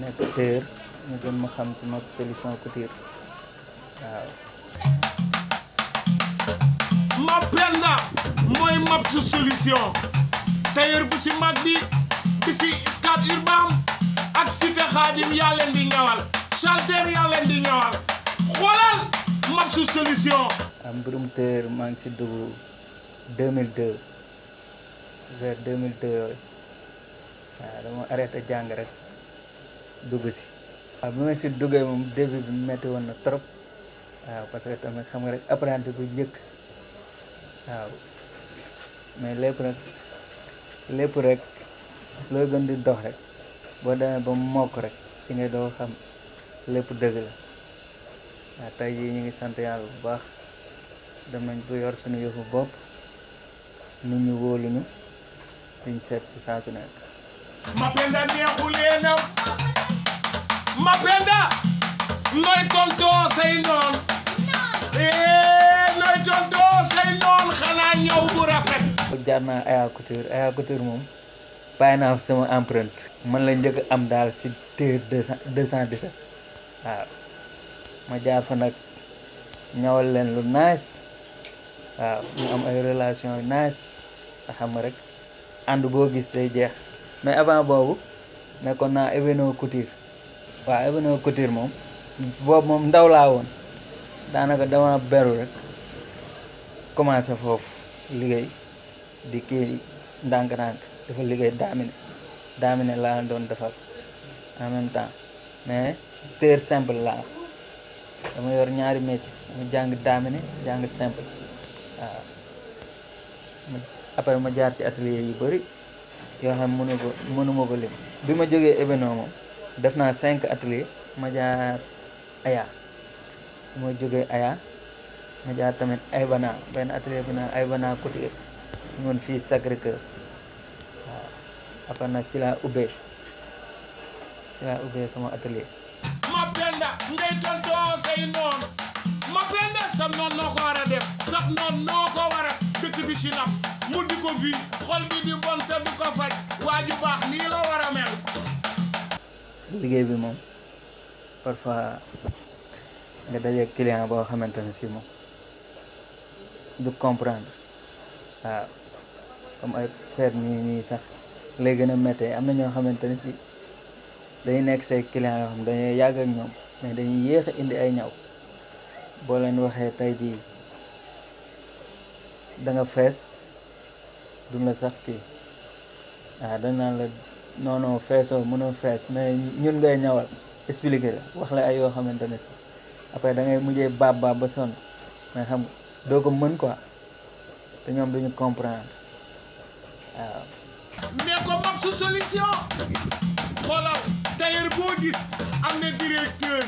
nekk téer ñu gën ma xam ci mag solution couture waaw ma penda mooy map sa solution tailleur bu si mag bi bi si Scat Urbam ak Cité Khadim yaa leen di ñawal Chalter yaa leen di ñawal xoolal map sa solution am mbirum tailleur maa ngi si dugg 2002 vers 2002 yooyu waaw dama arrêté jàng rek dugg si waaw bi ma si duggee moom début bi metti woon na trop waaw parce que tamit xam nga rek apprenti bu njëkk waaw mais lépp rek lépp rek loo gën di dox rek boo demee ba mokk rek ci nga doo xam lépp dëgg la waaw tey jii ñu ngi sant yàlla bu baax dem nañ bu yor suñu yëfu bopp nit ñu wóoluñu duñ seet si saa su nekk ma penda neexuleena ma penda nooy tontoo say eh, noon ee nooy say noon xanaa ñëw bu rafet jaar naa Aya Couture Aya Couture moom bàyyi naa sama empreinte man la njëkk am daal si téer deux cent dix waaw ma jaar fa nag ñawal leen lu nice waaw ñu am ay relation yu nice nga xam rek ànd boo gis day jeex mais avant boobu nekkoon naa Evenoo Couture waaw Evenoo Couture moom boobu moom ndaw laa woon daanaka dama beru rek commencé foofu liggéey di kii ndànk-ndànk dafa liggéey daamine daamine laa doon defal en même temps mais teer simple laa dama yor ñaari métier dama jàng daamine jàng simple waaw après ma jaar ci atelier yu bari yo xam mënu ko mënuma ko lim bima joggé événement moom def naa cinq atelier ma jaar aya mo joggé aya ma jaar tamit ay bana ben atelier bana ay bana côté ñoon fi Sacré Cœur apa na sila ubé sila ubé sama atelier ma benda ngay tontoo say non ma benda sama non fi xol bi di bon du ko faj waa ju baax nii la war a mel. liggéey bi moom parfois nga dajeeg client boo xamante ne si moom du comprendre waaw comme ay feet nii nii sax lay gën a méttee am na ñoo xamante ne si dañuy nekk say client yoo xam dañuy yàgg ak ñoom mais dañuy yéex a indi ay ñaw boo leen waxee tey jii danga nga fees. duna sax fii waaw dañ naan la non non feesoo mënoo fees mais ñun ngay ñawal expliquer wax la ay yo xamantene ne sax après da ngay mujjé baba ba son mais xam do ko mën quoi té ñom duñu comprendre ah mais ko moom su solution xoolal tailleur bo gis amné directeur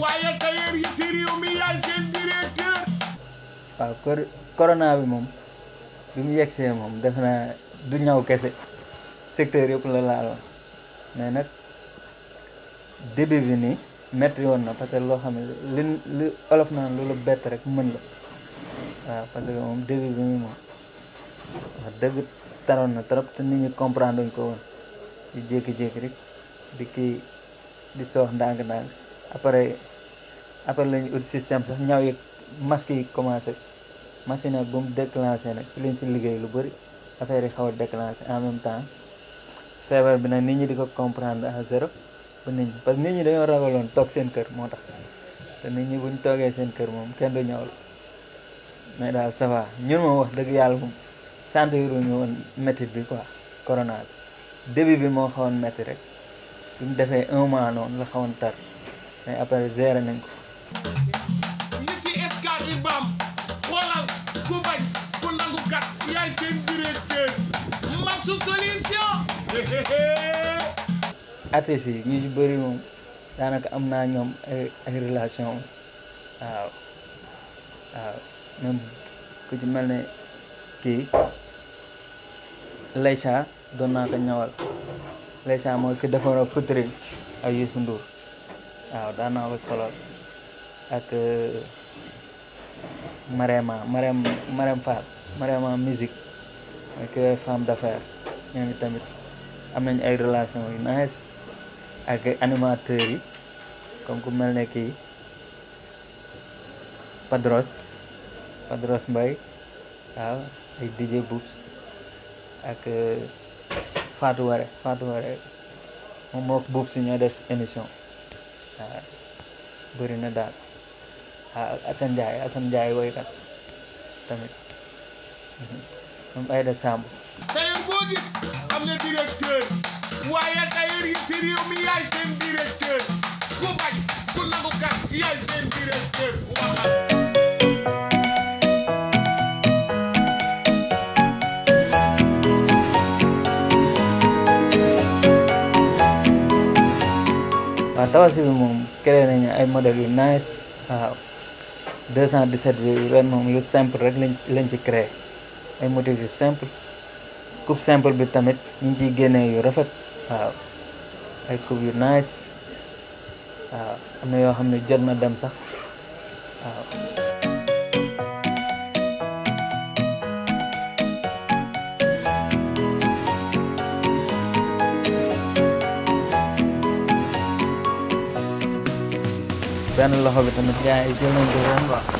waye tailleur yi si réew mi ya sen directeur. waaw corona bi mom bi mu yegsee moom def naa du ñaw kese secteur yëpp la laaloon mais nag début bi nii metti woon na parce que loo xam ne li li olof naan loolu bett rek mën la waaw parce que moom début bi nii moom wax dëgg taroon na trop te nit ñi comprendre duñ ko woon di jékki-jékki rek di kii di soox ndànk-ndànk après après lañu ut système sax ñaw yi masque yi commencé machine nag bu mu déclenché nag si liñ si liggéey lu bëri affaire yi xaw a déclenché en même temps feebar bi nag nit ñi di ko comprendre à zéro bu nit ñi parce que nit ñi toog seen kër moo tax te nit ñi buñ toogee seen kër moom kenn du ñëwal mais daal ça va ñun moom wax dëgg yàlla moom sentiruñu woon métti bi quoi corona bi début bi moo xawoon métti rek bi mu defee un mois noonu la xawoon tar mais après gérer nañ ko su solution. artistes ñu ci bëri moom daanaka am na ñoom ay ay waaw waaw même ku ci mel ni kii Laysa doon naa ko ñëwal Laysa mooy ki defaroon futuri ak Youssou waaw daan naa ko solol ak Marema euh, Marem Marem Fall Marema musique ak femme d'affaires ഞാൻ amin ay relation yu nice ak animateur yi comme ku mel ne Padros Padros Mbaye waaw ay DJ Boobs ak Fatou fatuare Fatou Waré moom moo ko Boobs ñoo def émission waaw bëri na daal waaw Assane Ndiaye Assane Ndiaye woykat tamit mhm. tailleur boo gis am na directeur waaye tailleur yi si réew mi yaay seen directeur ku bañ ku nangu kat yaay seen directeur waaw waaw tabaski bi moom créé nañu ay modèles yu nice waaw 217 bi ren moom yu simple rek lañ lañ ci créé ay motifs yu simple coupe simple bi tamit ñu ngi ciy génnee yu rafet waaw ay coupe yu yoo xam ne jot na dem sax waaw loxo bi tamit gars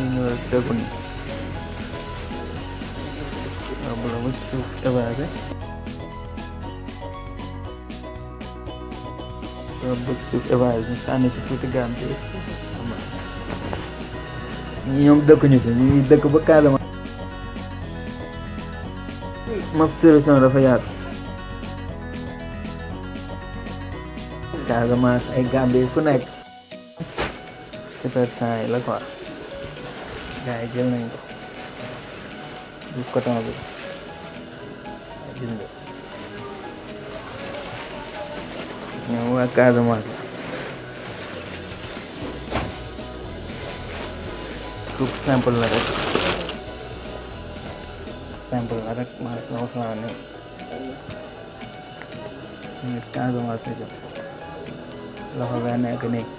Animal Dragon ah, Belum masuk eh, apa ada Buktuk Evaz, misalnya seperti ganti. Nyom dakunya sih, ini daku bekal Maaf serius sama Rafayat. Kaga mas, ay gabi kunek. Seperti lah kok. ಆ್ಯಲ್ ನೈನ್ చూసుకోవటం అది అయ్యింది నువ్వు కాదు మాకు cook sample నరక్ sample నరక్ మా అవసరాన్ని కాదు మాకు లోహగానే కనీక్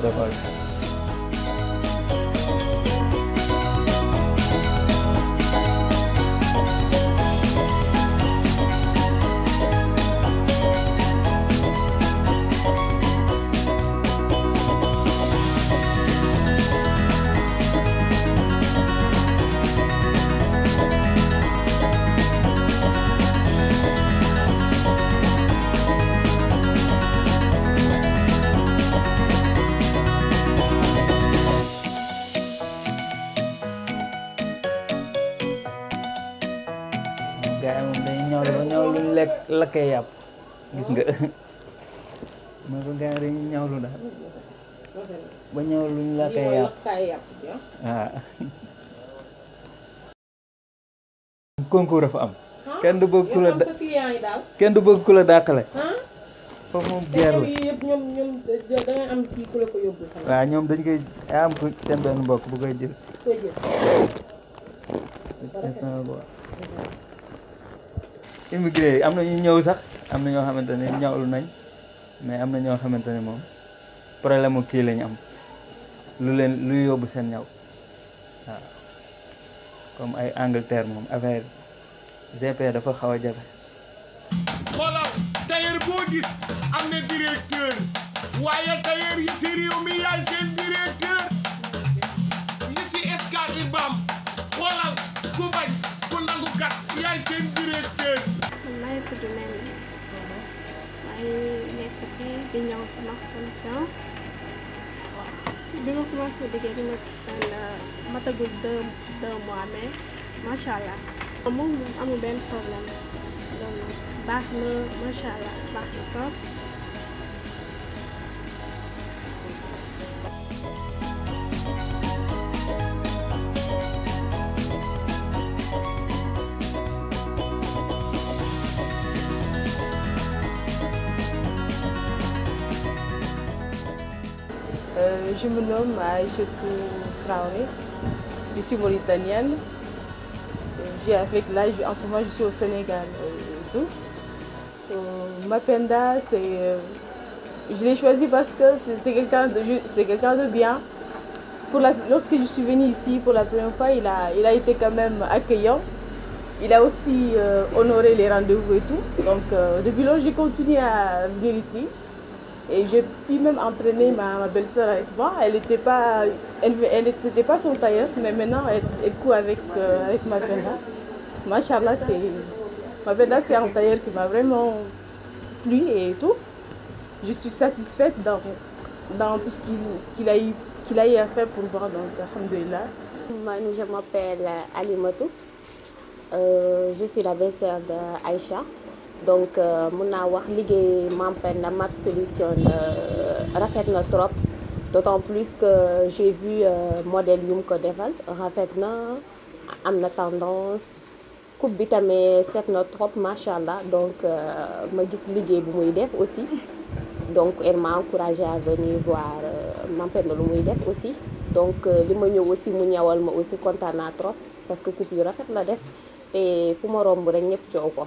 The version. lakkee yàpp gis nga mooy ko gars yi ñawlu daal ba ñawlu ñu lakkee yàpp waaw ah. ah. concours dafa am kenn du bëgg ku la kenn du foofu moom guerre la eh, waaw ñoom dañ koy am ko seen benn mbokk bu koy jël immigré yi am na ñu ñëw sax am na ñoo xamante ne lu nañ mais am na ñoo xamante ne moom problème mu kii lañ am lu leen lu yóbbu seen ñaw waaw comme ay Angleterre moom affaire GP dafa xaw a jafe. xoolal tailleur boo gis am na directeur waaye tailleur yi si réew mi yaay seen directeur. du mel ni maa ngi nekk fii di ñëw sama solution bi ma commencé liggéey bi ma euh, matagul deux deux mois mais macha allah moom moom amul benn problème donc baax na macha allah na trop. Euh, je me nomme Aïchetou Traoré. Je suis mauritanienne. Euh, j'ai avec l'âge, en ce moment, je suis au Sénégal euh, et tout. Ma je l'ai choisi parce que c'est quelqu'un de, bien. lorsque je suis venue ici pour la première fois, il a, été quand même accueillant. Il a aussi honoré les rendez-vous et tout. Donc depuis lors, j'ai continué à venir ici. Et j'ai pu même entraîner ma, belle-sœur avec moi. Elle n'était pas, elle, elle pas son tailleur, mais maintenant elle, elle court avec, euh, ma belle Machallah, c'est. Ma Venda, c'est un tailleur qui m'a vraiment plu et tout. Je suis satisfaite dans, tout ce qu'il a, eu, a eu à faire pour moi, donc Alhamdulillah. je m'appelle euh, Ali Motou. Euh, je suis la belle-sœur d'Aïcha, donc euh, mon naa wax liggéey Mame Penda Map Solution euh, rafetna trop d'autant plus que j'ai vu euh, modèle yum ko defal rafetna na am tendance coupe bi tamit notre trop machallah donc ma gis liggéey bu muy def aussi donc elle m'a encouragé à venir voir Mame Penda lu muy def aussi donc li ma ñëw aussi mu ñawal ma aussi kontaan trop parce que coupe yu rafet la def et fu ma romb rek ñëpp coow ko.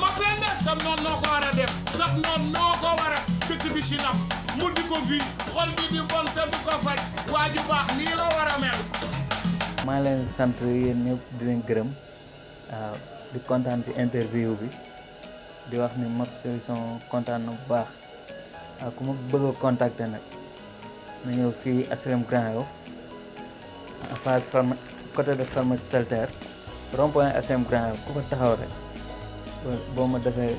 ma penda sa noon noo ko war a def sa noon noo ko war a dëkk bi si nam mu di ko fii xol bi di bon te du ko faj waa ji baax nii la war a mel maa leen sant yéen ñëpp di leen gërëm waaw ah, di kontaan ci interview bi di wax ni Map's Solution kontaan bu baax waaw ah, ku ma bëgg a nag na ñëw fii HLM Grand Yoff en face côté de pharmacie Salter rond-point Grand Yoff ku ko taxaw rek bomba defee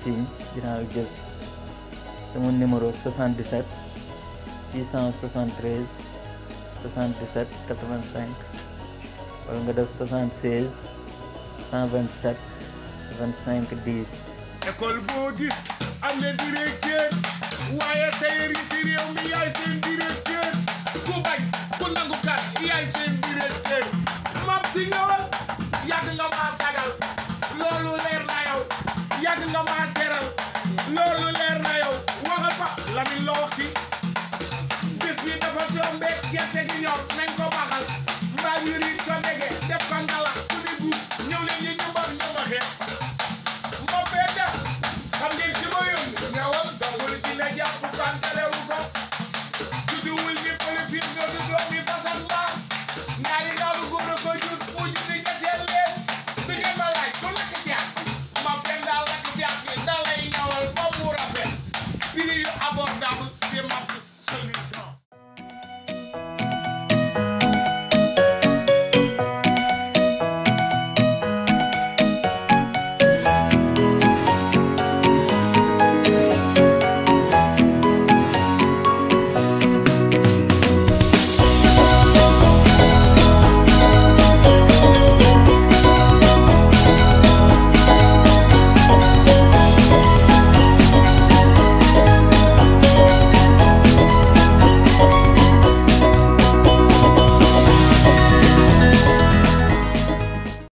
signe dinaa jël sama numéro 77 673 77 85 wala nga def 76 127 25 10. école boo gis am na directeur waaye tey si réew mi yaay si